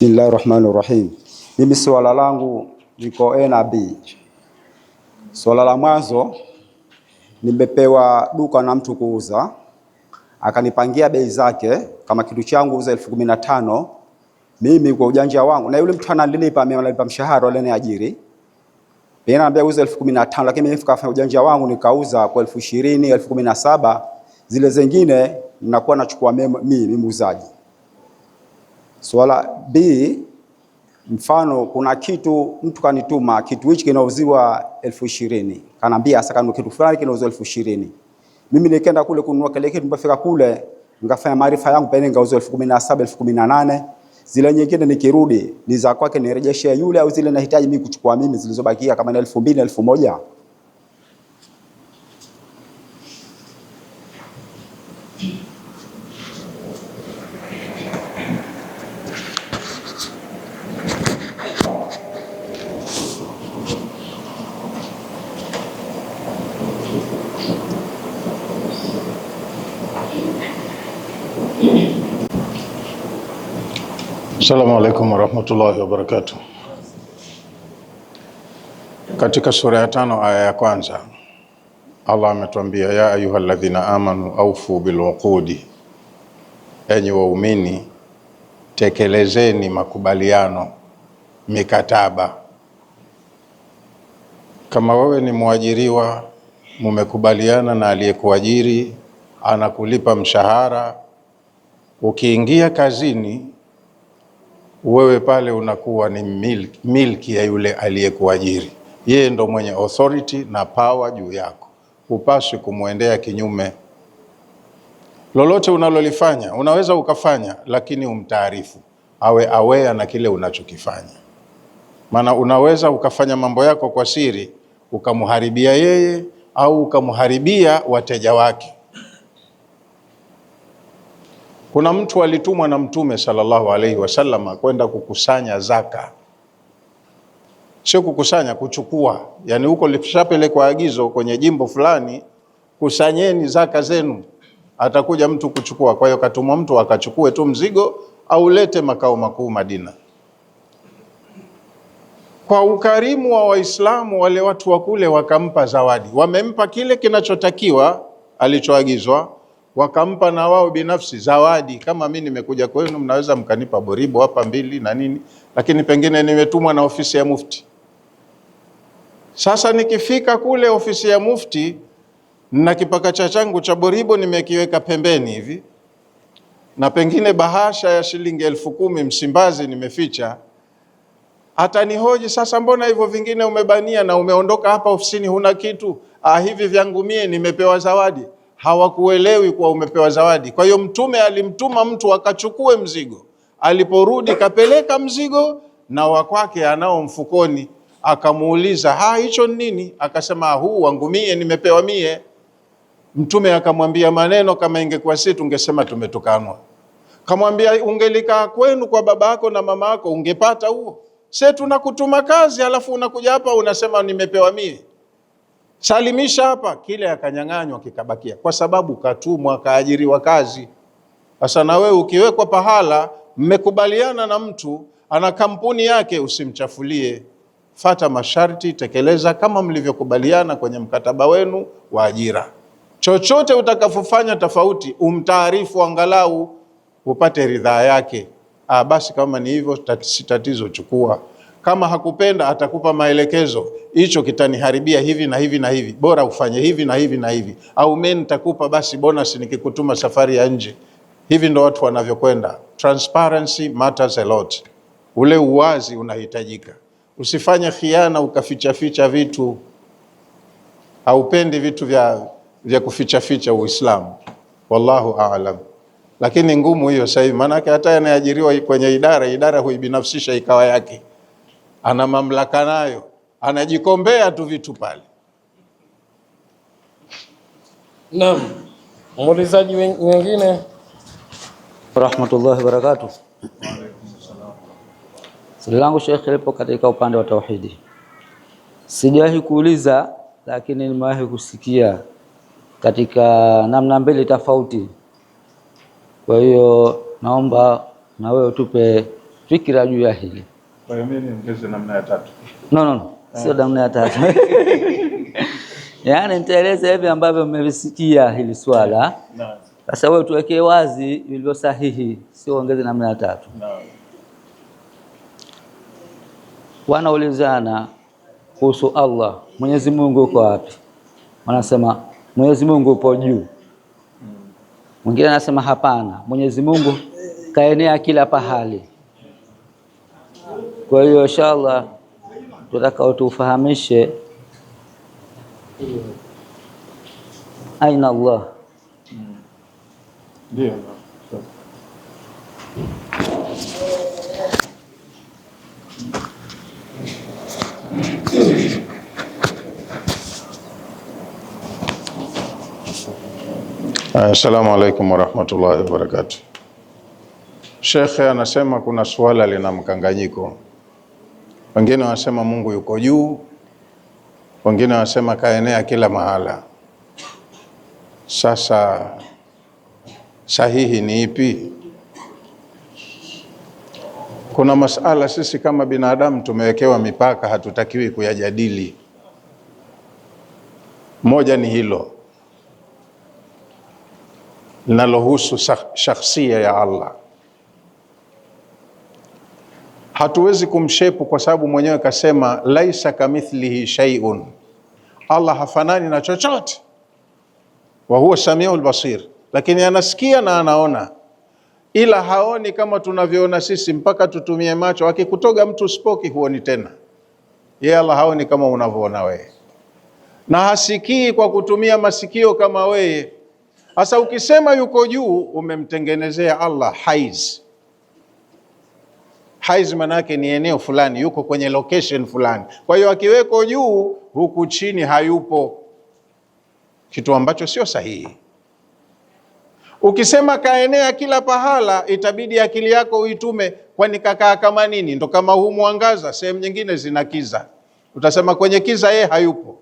Bismillahir Rahmanir rahim. Mimi swala langu liko A na B. Swala la mwanzo nimepewa duka na mtu kuuza, akanipangia bei zake, kama kitu changu uza elfu kumi na tano mimi kwa ujanja wangu, na yule mtu ananilipa mimi, analipa mshahara ni ajiri. yeye naambia uza elfu kumi na tano lakini mimi kwa ujanja wangu nikauza kwa elfu ishirini elfu kumi na saba zile zingine ninakuwa nachukua mimi muuzaji Swala B, mfano kuna kitu mtu kanituma, kitu hichi kinauziwa elfu ishirini kanambia, sasa kana kitu fulani kinauziwa elfu ishirini Mimi nikaenda kule kununua kile kitu, mpaka kule nikafanya maarifa yangu pale, nikauza elfu kumi na saba elfu kumi na nane Zile nyingine nikirudi ni za kwake nirejeshe yule, au zile nahitaji mimi kuchukua mimi zilizobakia, kama ni elfu mbili elfu moja Assalamu alaikum warahmatullahi wabarakatuh. Katika sura ya tano aya ya kwanza Allah ametuambia ya ayuha alladhina amanu aufu biluqudi, enyi waumini tekelezeni makubaliano, mikataba. Kama wewe ni mwajiriwa, mumekubaliana na aliyekuajiri, anakulipa mshahara, ukiingia kazini wewe pale unakuwa ni milki, milki ya yule aliyekuajiri. Yeye ndo mwenye authority na power juu yako, hupaswi kumwendea kinyume. Lolote unalolifanya unaweza ukafanya, lakini umtaarifu, awe awea na kile unachokifanya, maana unaweza ukafanya mambo yako kwa siri ukamharibia yeye au ukamharibia wateja wake. Kuna mtu alitumwa na Mtume sallallahu alaihi wasallam kwenda kukusanya zaka, sio kukusanya, kuchukua. Yani huko lishapelekwa agizo kwenye jimbo fulani, kusanyeni zaka zenu, atakuja mtu kuchukua. Kwa hiyo katumwa mtu akachukue tu mzigo aulete makao makuu Madina. Kwa ukarimu wa Waislamu wale watu wa kule wakampa zawadi, wamempa kile kinachotakiwa alichoagizwa wakampa na wao binafsi zawadi, kama mi nimekuja kwenu, mnaweza mkanipa boribo hapa mbili na nini, lakini pengine nimetumwa na ofisi ya mufti. Sasa nikifika kule ofisi ya mufti na kipakacha changu cha boribo nimekiweka pembeni hivi, na pengine bahasha ya shilingi elfu kumi Msimbazi nimeficha, atanihoji sasa, mbona hivyo vingine umebania na umeondoka hapa ofisini huna kitu? Ah, hivi vyangu mie nimepewa zawadi hawakuelewi kuwa umepewa zawadi. Kwa hiyo Mtume alimtuma mtu akachukue mzigo, aliporudi kapeleka mzigo na wakwake anao mfukoni. Akamuuliza, ha, hicho nini? Akasema, huu wangu mie, nimepewa mie. Mtume akamwambia maneno kama ingekuwa si tungesema tumetukanwa. Kamwambia, ungelikaa kwenu kwa babako na mamako ungepata huo. Se tunakutuma kazi, alafu unakuja hapa unasema nimepewa mie salimisha hapa, kile akanyang'anywa kikabakia, kwa sababu katumwa, kaajiriwa kazi. Sasa na wewe ukiwekwa pahala, mmekubaliana na mtu ana kampuni yake, usimchafulie, fata masharti, tekeleza kama mlivyokubaliana kwenye mkataba wenu wa ajira. Chochote utakafufanya tofauti, umtaarifu angalau upate ridhaa yake. Ah, basi kama ni hivyo, sitatizo, chukua kama hakupenda atakupa maelekezo, hicho kitaniharibia hivi na hivi na hivi, bora ufanye hivi na hivi na hivi, au mimi nitakupa basi bonus nikikutuma safari ya nje. Hivi ndo watu wanavyokwenda. Transparency matters a lot, ule uwazi unahitajika. Usifanye khiana ukaficha ficha vitu, haupendi vitu vya, vya kuficha ficha Uislamu. Wallahu aalam, lakini ngumu hiyo sasa hivi, maanake hata anayeajiriwa kwenye idara, idara huibinafsisha ikawa yake ana mamlaka nayo, anajikombea tu vitu pale. Naam, muulizaji mwingine. Rahmatullahi wabarakatuh. Swali langu Sheikh, lipo katika upande wa tauhidi. Sijawahi kuuliza, lakini nimewahi kusikia katika namna mbili tofauti. Kwa hiyo naomba na wewe utupe fikira juu ya hili. Kwa hiyo mimi niongeze namna ya tatu. No, no, no. Sio namna ya tatu. Yaani nitaeleza hivi ambavyo mmevisikia hili swala. Naam. Sasa wewe tuwekee wazi vilivyo sahihi, sio ongeze namna ya tatu. Naam. Wanaulizana kuhusu Allah, Mwenyezi Mungu uko wapi? Wanasema Mwenyezi Mungu upo juu. Mm. Mwingine anasema hapana, Mwenyezi Mungu kaenea kila pahali. Kwa hiyo inshallah tutaka utufahamishe aina Allah ndio Assalamu alaikum warahmatullahi wabarakatuh. Shekhe anasema kuna suala lina mkanganyiko wengine wanasema Mungu yuko juu, wengine wanasema kaenea kila mahala. Sasa sahihi ni ipi? Kuna masala sisi kama binadamu tumewekewa mipaka, hatutakiwi kuyajadili. Moja ni hilo linalohusu shakhsia ya Allah hatuwezi kumshepu kwa sababu mwenyewe kasema laisa kamithlihi shay'un, Allah hafanani na chochote, wa huwa samiul basir, lakini anasikia na anaona, ila haoni kama tunavyoona sisi mpaka tutumie macho. Akikutoga mtu spoki huoni tena, yeye Allah haoni kama unavyoona wewe, na hasikii kwa kutumia masikio kama wewe. Sasa ukisema yuko juu, umemtengenezea Allah haizi Haiz manake ni eneo fulani, yuko kwenye location fulani. Kwa hiyo akiweko juu huku chini hayupo, kitu ambacho sio sahihi. Ukisema kaenea kila pahala, itabidi akili yako uitume, kwani kakaa kama nini? Ndo kama huu mwangaza, sehemu nyingine zina kiza, utasema kwenye kiza yeye hayupo,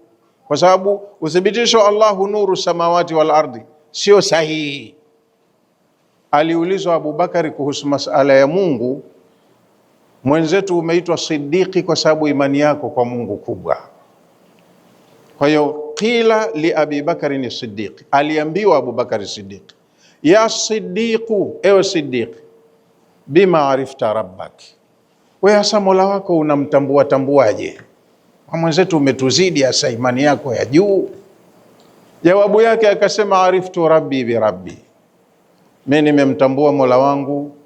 kwa sababu uthibitisho Allahu nuru samawati wal ardi sio sahihi. Aliulizwa Abubakari kuhusu masala ya Mungu Mwenzetu umeitwa sidiki kwa sababu imani yako kwa Mungu kubwa. Kwa hiyo kila li Abi ni sidiki, aliambiwa Abubakari sidiki, ya sidiku, ewe sidiki, bima arifta rabbak, we hasa mola wako unamtambua tambuaje? Kwa mwenzetu umetuzidi hasa imani yako ya juu. Jawabu yake akasema, ariftu rabbi bi rabbi, mi nimemtambua mola wangu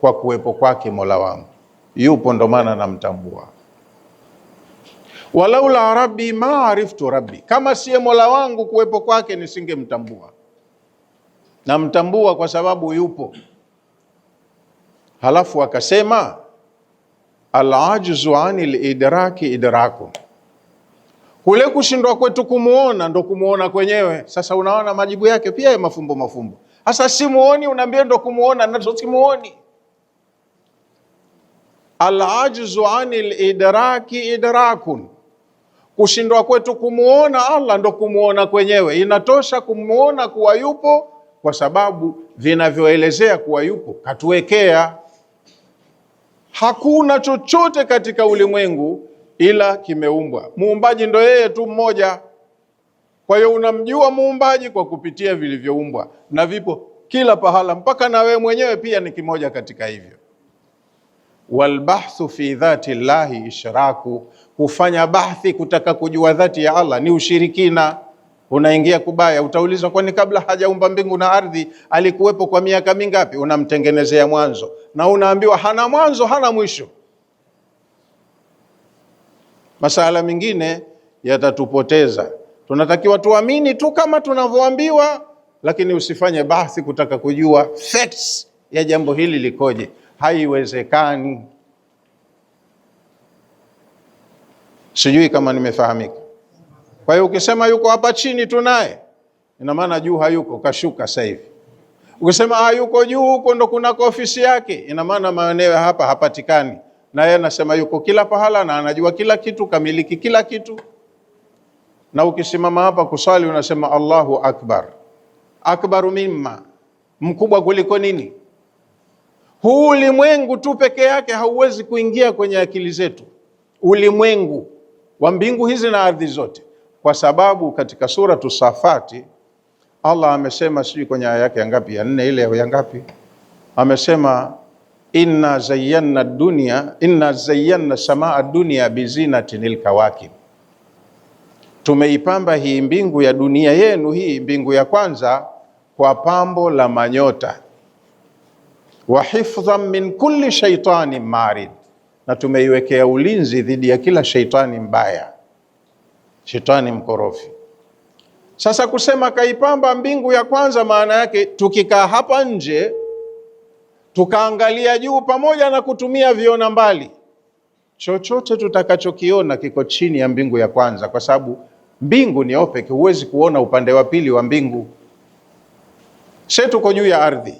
kwa kuwepo kwake mola wangu yupo, ndo maana namtambua. Walaula rabbi ma ariftu rabbi, kama siye mola wangu kuwepo kwake nisingemtambua. Namtambua kwa sababu yupo. Halafu akasema alajzu ani lidraki idraku, kule kushindwa kwetu kumuona ndo kumuona kwenyewe. Sasa unaona majibu yake pia ya mafumbo mafumbo. Sasa simuoni, unaambia ndo kumuona, nacho simuoni alajzu anil idraki idrakun, kushindwa kwetu kumuona Allah ndo kumuona kwenyewe. Inatosha kumuona kuwa yupo, kwa sababu vinavyoelezea kuwa yupo katuwekea. Hakuna chochote katika ulimwengu ila kimeumbwa, muumbaji ndo yeye tu mmoja. Kwa hiyo unamjua muumbaji kwa kupitia vilivyoumbwa, na vipo kila pahala, mpaka na wewe mwenyewe pia ni kimoja katika hivyo walbahthu fi dhati llahi ishraku, kufanya bahthi kutaka kujua dhati ya Allah ni ushirikina, unaingia kubaya. Utaulizwa, kwani kabla hajaumba mbingu na ardhi alikuwepo kwa miaka mingapi? Unamtengenezea mwanzo na unaambiwa hana mwanzo hana mwisho. Masala mengine yatatupoteza. Tunatakiwa tuamini tu kama tunavyoambiwa, lakini usifanye bahthi kutaka kujua facts ya jambo hili likoje haiwezekani. Sijui kama nimefahamika. Kwa hiyo ukisema yuko hapa chini tunaye, ina maana juu hayuko, kashuka sasa hivi. Ukisema hayuko ah, juu, huko ndo kunako ofisi yake, ina maana maeneo hapa hapatikani, na yeye anasema yuko kila pahala na anajua kila kitu, kamiliki kila kitu. Na ukisimama hapa kuswali unasema Allahu akbar, akbaru mimma, mkubwa kuliko nini? Huu ulimwengu tu peke yake hauwezi kuingia kwenye akili zetu, ulimwengu wa mbingu hizi na ardhi zote, kwa sababu katika Suratu Safati Allah amesema, sijui kwenye aya yake ya ngapi, ya nne ile ya ngapi, amesema inna zayyana dunya inna zayyana samaa dunya bizinatin lkawakib, tumeipamba hii mbingu ya dunia yenu, hii mbingu ya kwanza, kwa pambo la manyota wa hifdhan min kulli shaitani marid, na tumeiwekea ulinzi dhidi ya kila shaitani mbaya, shaitani mkorofi. Sasa kusema kaipamba mbingu ya kwanza, maana yake tukikaa hapa nje tukaangalia juu, pamoja na kutumia viona mbali, chochote tutakachokiona kiko chini ya mbingu ya kwanza, kwa sababu mbingu ni opeke, huwezi kuona upande wa pili wa mbingu. Se tuko juu ya ardhi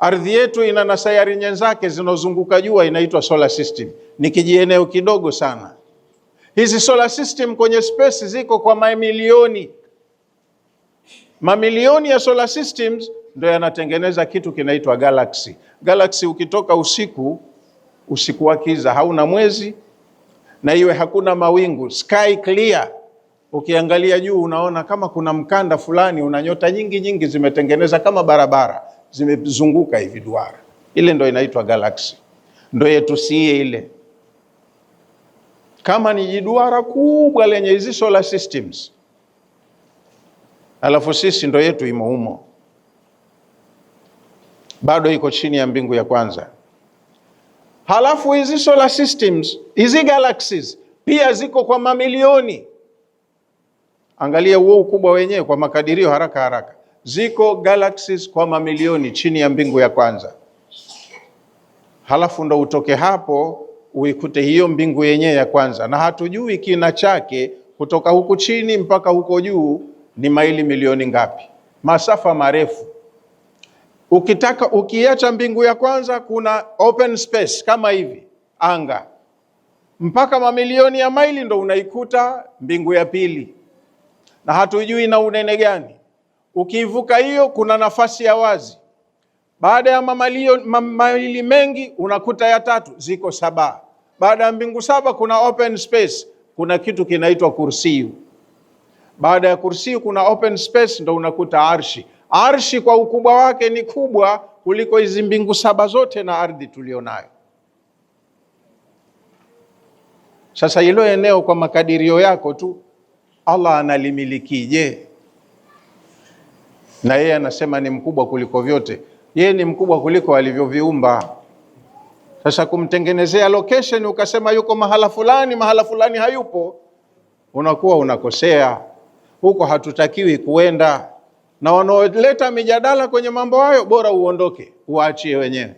Ardhi yetu ina na sayari nyenzake zinazozunguka jua, inaitwa solar system, ni kijieneo kidogo sana. Hizi solar system kwenye space ziko kwa mamilioni mamilioni ya solar systems, ndio yanatengeneza kitu kinaitwa galaxy. Galaxy ukitoka usiku, usiku wa kiza, hauna mwezi na iwe hakuna mawingu, sky clear, ukiangalia juu unaona kama kuna mkanda fulani una nyota nyingi nyingi, zimetengeneza kama barabara zimezunguka hivi duara, ile ndo inaitwa galaksi, ndo yetu sie ile, kama ni jiduara kubwa lenye hizi solar systems, alafu sisi ndo yetu imo humo, bado iko chini ya mbingu ya kwanza. Halafu hizi solar systems, hizi galaxies pia ziko kwa mamilioni. Angalia huo ukubwa wenyewe kwa makadirio haraka haraka Ziko galaxies kwa mamilioni chini ya mbingu ya kwanza, halafu ndo utoke hapo uikute hiyo mbingu yenyewe ya kwanza, na hatujui kina chake kutoka huku chini mpaka huko juu ni maili milioni ngapi? Masafa marefu. Ukitaka ukiacha mbingu ya kwanza, kuna open space kama hivi anga, mpaka mamilioni ya maili ndo unaikuta mbingu ya pili, na hatujui na unene gani Ukiivuka hiyo, kuna nafasi ya wazi. Baada ya mamalio, mamaili mengi unakuta ya tatu ziko saba. Baada ya mbingu saba kuna open space, kuna kitu kinaitwa kursiu. Baada ya kursiu kuna open space, ndo unakuta arshi. Arshi kwa ukubwa wake ni kubwa kuliko hizi mbingu saba zote na ardhi tulionayo. Sasa hilo eneo kwa makadirio yako tu Allah analimilikije? na yeye anasema ni mkubwa kuliko vyote. Yeye ni mkubwa kuliko alivyoviumba. Sasa kumtengenezea location ukasema yuko mahala fulani, mahala fulani hayupo, unakuwa unakosea. Huko hatutakiwi kuenda, na wanaoleta mijadala kwenye mambo hayo bora uondoke, uachie wenyewe.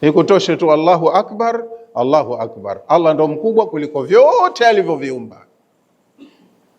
Ikutoshe tu Allahu akbar, Allahu akbar. Allah ndo mkubwa kuliko vyote alivyoviumba.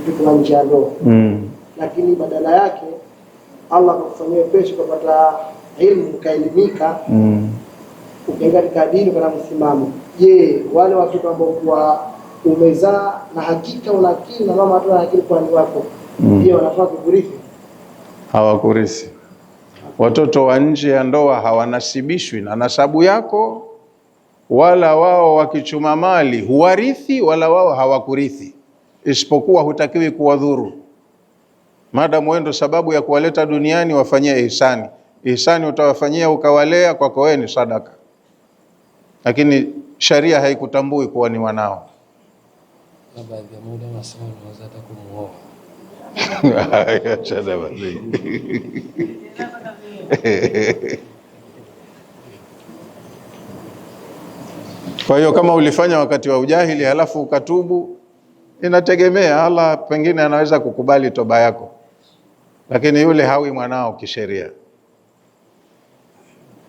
kutukuwa nje ya ndoa mm. Lakini badala yake Allah akakufanyia pesa kupata ilmu ukaelimika mm. Ukiingia katika dini kana msimamo. Je, wale watoto ambao kuwa umezaa na hakika una akili na mama hata akili kwa ni wako mm. Je, wanafaa kukurithi? Hawakurithi. Watoto wa nje ya ndoa hawanasibishwi na nasabu yako, wala wao wakichuma mali huwarithi, wala wao hawakurithi isipokuwa hutakiwi kuwadhuru. Maadamu wewe ndo sababu ya kuwaleta duniani, wafanyie ihsani. Ihsani utawafanyia ukawalea, kwako wewe ni sadaka, lakini sharia haikutambui kuwa ni wanao. Kwa hiyo kama ulifanya wakati wa ujahili halafu ukatubu Inategemea, Allah pengine anaweza kukubali toba yako, lakini yule hawi mwanao kisheria,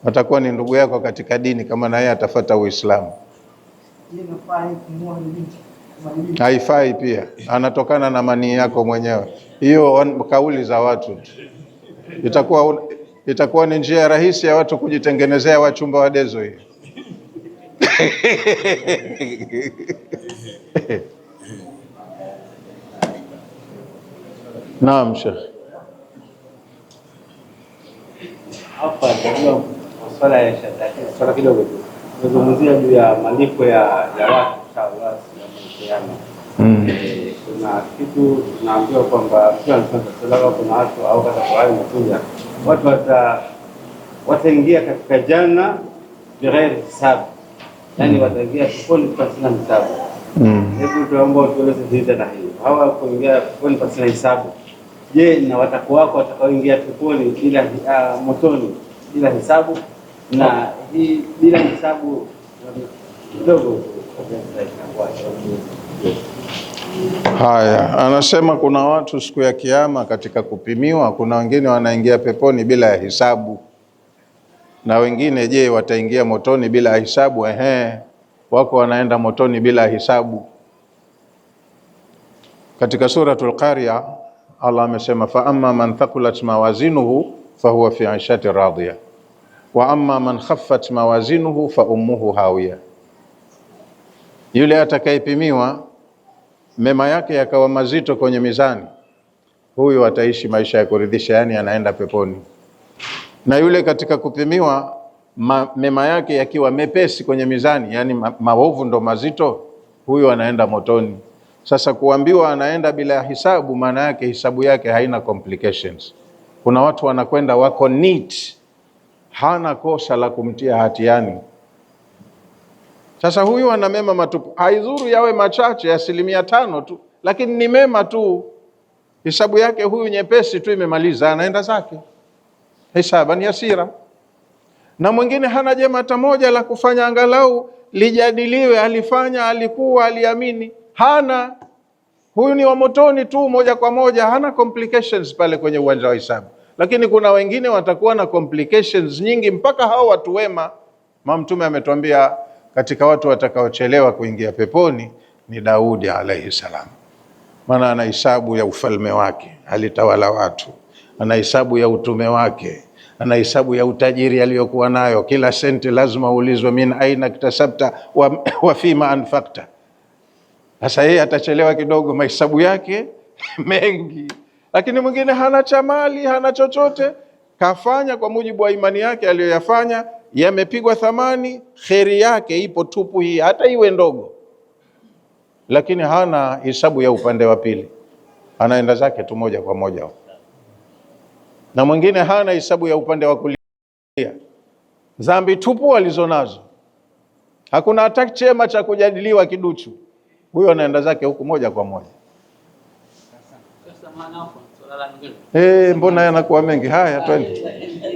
atakuwa ni ndugu yako katika dini, kama yeye atafata Uislamu haifai pia, anatokana na manii yako mwenyewe. Hiyo kauli za watu itakuwa itakuwa ni njia rahisi ya watu kujitengenezea wachumba wadezo hiyo Naam, Sheikh. Hapa ndio swala ya shata. Swala kidogo. Nazungumzia juu ya malipo ya ya watu sawa Mm. Eh, kuna kitu tunaambiwa kwamba pia kuna watu au kuja watu wata wataingia katika janna bila hisabu, Yaani mm. wataingia peponi pasina hisabu. Mm. Hebu tuombe tueleze hili na hili, hawa kuingia peponi pasina hisabu Mm. Je, na watako wako watakaoingia peponi bila uh, motoni bila hisabu na hii bila hisabu kidogo. Haya, anasema kuna watu siku ya Kiyama katika kupimiwa, kuna wengine wanaingia peponi bila ya hisabu na wengine je, wataingia motoni bila ya hisabu? Ehe, wako wanaenda motoni bila ya hisabu. Katika Suratul Qaria Allah amesema fa amma man thaqulat mawazinuhu fahuwa fi aishati radhiya wa amma man khaffat mawazinuhu fa ummuhu hawiya, yule atakayepimiwa mema yake yakawa mazito kwenye mizani, huyu ataishi maisha ya kuridhisha, yani anaenda peponi. Na yule katika kupimiwa ma, mema yake yakiwa mepesi kwenye mizani, yani maovu ndo mazito, huyu anaenda motoni. Sasa kuambiwa anaenda bila hisabu, maana yake hisabu yake haina complications. Kuna watu wanakwenda wako neat, hana kosa la kumtia hatiani. Sasa huyu ana mema matupu, haidhuru yawe machache, asilimia tano tu, lakini ni mema tu. Hisabu yake huyu nyepesi tu, imemaliza, anaenda zake, ni yasira. Na mwingine hana jema hata moja la kufanya, angalau lijadiliwe, alifanya, alikuwa, aliamini hana huyu ni wa motoni tu moja kwa moja, hana complications pale kwenye uwanja wa hisabu. Lakini kuna wengine watakuwa na complications nyingi, mpaka hao watu wema. Mtume ametuambia katika watu watakaochelewa kuingia peponi ni Daudi alaihi salam, maana ana hisabu ya ufalme wake, alitawala watu, ana hisabu ya utume wake ana hisabu ya utajiri aliyokuwa nayo. Kila senti lazima uulizwe, min aina kitasabta wa, wa fima anfakta, sasa yeye atachelewa kidogo, mahesabu yake mengi, lakini mwingine hana cha mali, hana chochote, kafanya kwa mujibu wa imani yake aliyoyafanya, yamepigwa thamani, kheri yake ipo tupu hii, hata iwe ndogo, lakini hana hesabu ya upande wa pili, anaenda zake tu moja kwa moja. Na mwingine hana hesabu ya upande wa kulia, dhambi tupu alizonazo, hakuna hata chema cha kujadiliwa kiduchu huyo anaenda zake huku moja kwa moja. Hey, eh, mbona yanakuwa mengi haya, twende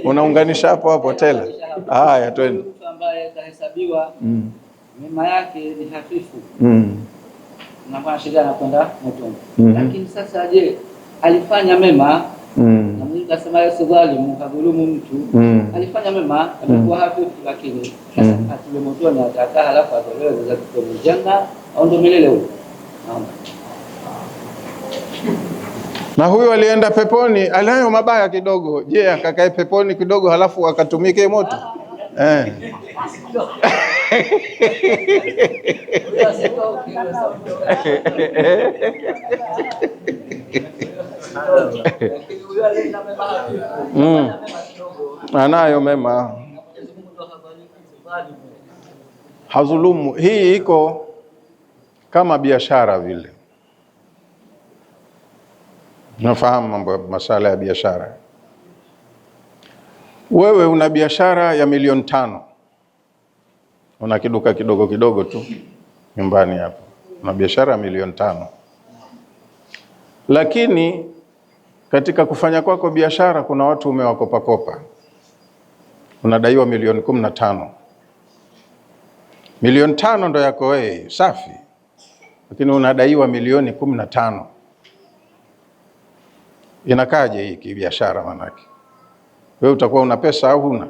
unaunganisha hapo hapo tela. Haya, twende ambaye mm. mema yake ni hafifu mm. na kwa shida anakwenda motoni. Mm-hmm. Lakini sasa, je, alifanya mema mm. na Mungu akasema Yesu dhalimu kagulumu mtu mm. alifanya mema mm. amekuwa hafifu, lakini sasa mm. atule motoni, atakaa halafu atolewe za kutomujenga au milele huyo? Na huyo alienda peponi, alayo mabaya kidogo. Je, akakae peponi kidogo halafu akatumike moto eh? Mm. Anayo mema, hazulumu. Hii iko kama biashara vile. Nafahamu mambo masala ya biashara. Wewe una biashara ya milioni tano, una kiduka kidogo kidogo tu nyumbani hapo, una biashara ya milioni tano, lakini katika kufanya kwako biashara kuna watu umewakopakopa, unadaiwa milioni kumi na tano. Milioni tano ndo yako wewe, safi lakini unadaiwa milioni kumi na tano. Inakaje hii kibiashara? Manake wewe utakuwa una pesa au huna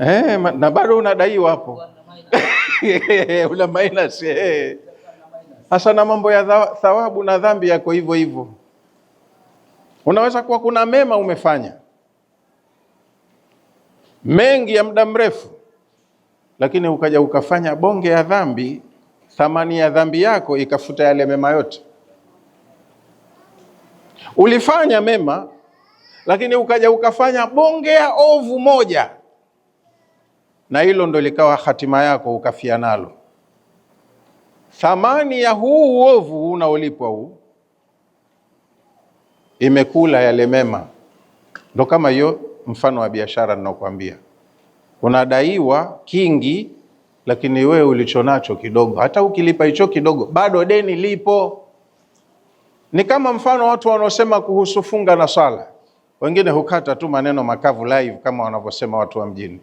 eh, na bado unadaiwa hapo una minus eh. hasa, na mambo ya thawabu na dhambi yako hivyo hivyo. Unaweza kuwa kuna mema umefanya mengi ya muda mrefu, lakini ukaja ukafanya bonge ya dhambi thamani ya dhambi yako ikafuta yale mema yote. Ulifanya mema, lakini ukaja ukafanya bonge ya ovu moja, na hilo ndo likawa hatima yako, ukafia nalo. Thamani ya huu uovu unaolipwa huu imekula yale mema. Ndo kama hiyo mfano wa biashara ninaokuambia, unadaiwa kingi lakini wewe ulichonacho kidogo, hata ukilipa hicho kidogo, bado deni lipo. Ni kama mfano watu wanaosema kuhusu funga na swala, wengine hukata tu maneno makavu live, kama wanavyosema watu wa mjini.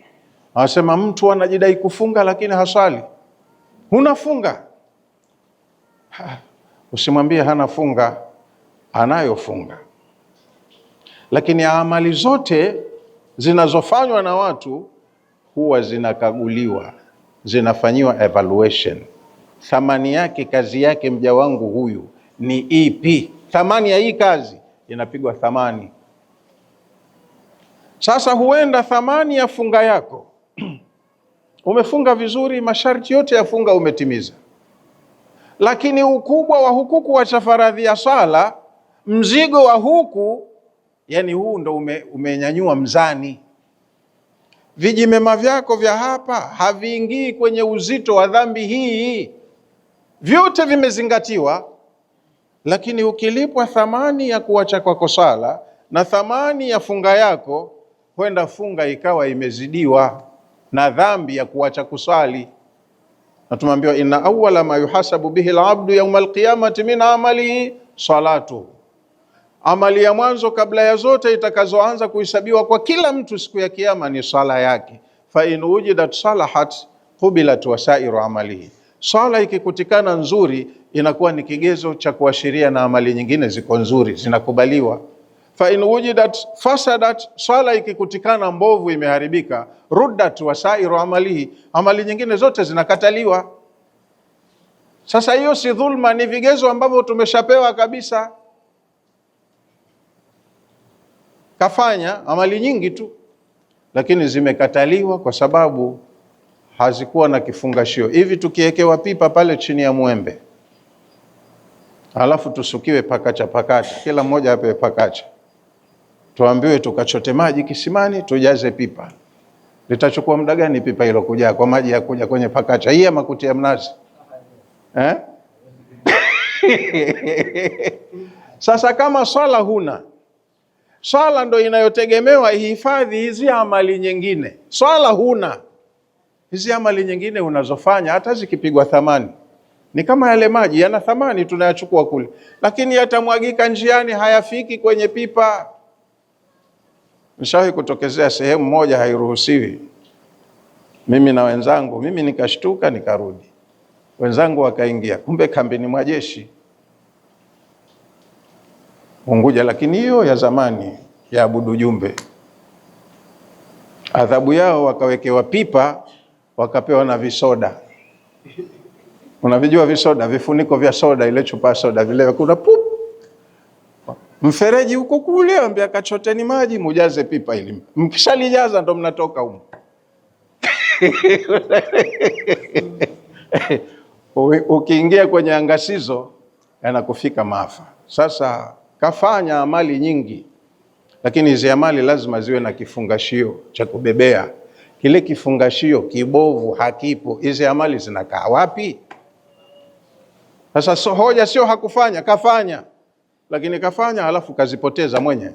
Wanasema mtu anajidai kufunga lakini haswali. Unafunga ha, usimwambie hana funga, anayofunga. Lakini amali zote zinazofanywa na watu huwa zinakaguliwa zinafanyiwa evaluation, thamani yake kazi yake mja wangu huyu ni ipi? Thamani ya hii kazi inapigwa thamani. Sasa huenda thamani ya funga yako umefunga vizuri, masharti yote ya funga umetimiza, lakini ukubwa wa huku kuacha faradhi ya swala, mzigo wa huku, yani huu ndo ume, umenyanyua mzani vijimema vyako vya hapa haviingii kwenye uzito wa dhambi hii. Vyote vimezingatiwa, lakini ukilipwa thamani ya kuacha kwako sala na thamani ya funga yako, huenda funga ikawa imezidiwa na dhambi ya kuacha kusali. Na tumeambiwa inna awwala ma yuhasabu bihi al-abdu yawma al-qiyamati min amalihi salatu Amali ya mwanzo kabla ya zote itakazoanza kuhesabiwa kwa kila mtu siku ya Kiyama ni sala yake. Fa in wujidat salahat qubilat wasairu amalihi, sala ikikutikana nzuri inakuwa ni kigezo cha kuashiria na amali nyingine ziko nzuri zinakubaliwa. Fa in wujidat fasadat, sala ikikutikana mbovu imeharibika, ruddat wasairu amalihi, amali nyingine zote zinakataliwa. Sasa hiyo si dhulma, ni vigezo ambavyo tumeshapewa kabisa. Kafanya amali nyingi tu, lakini zimekataliwa kwa sababu hazikuwa na kifungashio. Hivi tukiwekewa pipa pale chini ya mwembe, alafu tusukiwe pakacha pakacha, kila mmoja apewe pakacha, tuambiwe tukachote maji kisimani, tujaze pipa. Litachukua muda gani pipa hilo kujaa kwa maji ya kuja kwenye pakacha hii ya makuti ya mnazi eh? Sasa kama swala huna Swala ndo inayotegemewa ihifadhi hizi amali nyingine. Swala huna hizi amali nyingine unazofanya, hata zikipigwa thamani, ni kama yale maji yana thamani, tunayachukua kule, lakini yatamwagika njiani, hayafiki kwenye pipa. Nishawahi kutokezea sehemu moja hairuhusiwi, mimi na wenzangu, mimi nikashtuka, nikarudi, wenzangu wakaingia, kumbe kambini mwa jeshi Unguja, lakini hiyo ya zamani ya Abudu Jumbe, adhabu yao wakawekewa pipa, wakapewa na visoda. Unavijua visoda, vifuniko vya soda, ile chupa soda, vile kuna pup mfereji huko kule, ambia kachoteni maji mujaze pipa ili mkishalijaza ndo mnatoka huko ukiingia kwenye angasizo yanakufika maafa. Sasa kafanya amali nyingi, lakini hizi amali lazima ziwe na kifungashio cha kubebea. Kile kifungashio kibovu hakipo, hizi amali zinakaa wapi? Sasa hoja sio hakufanya, kafanya, lakini kafanya halafu kazipoteza mwenye